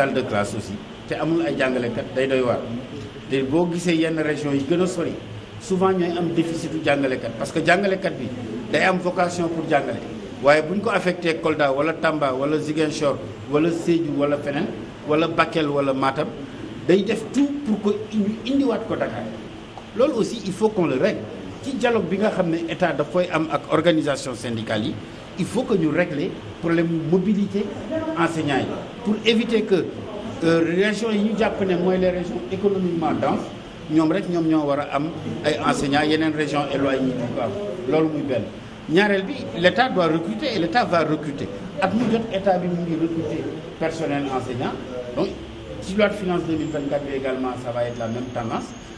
salle de classe aussi te amul ay jàngalekat day doy waar te boo gisee yenn région yi gën a sori souvent ñooy am déficitu jàngalekat parce que jàngalekat bi day am vocation pour jàngale waaye bu ñu ko affecté Kolda wala Tamba wala Ziguinchor wala Sédhiou wala feneen wala Bakel wala Matam day def tout pour ko ñu indiwaat ko Dakar loolu aussi il faut qu'on le règle ci dialogue bi nga xam ne état daf koy am ak organisation syndicale yi il faut que ñu régler enseignants yi pour éviter que euh, régions yi ñu jàpp ne mooy les régions économiquement denses ñoom rek ñoom ñoo war a am ay enseignants yeneen région éloignées yi ko am loolu muy benn ñaareel bi l' état doit recruter et l' état va recruter at mu jot état bi mu ngi recruter personnel enseignant donc ci loi de finances 2024 bi également ça va être la même tendance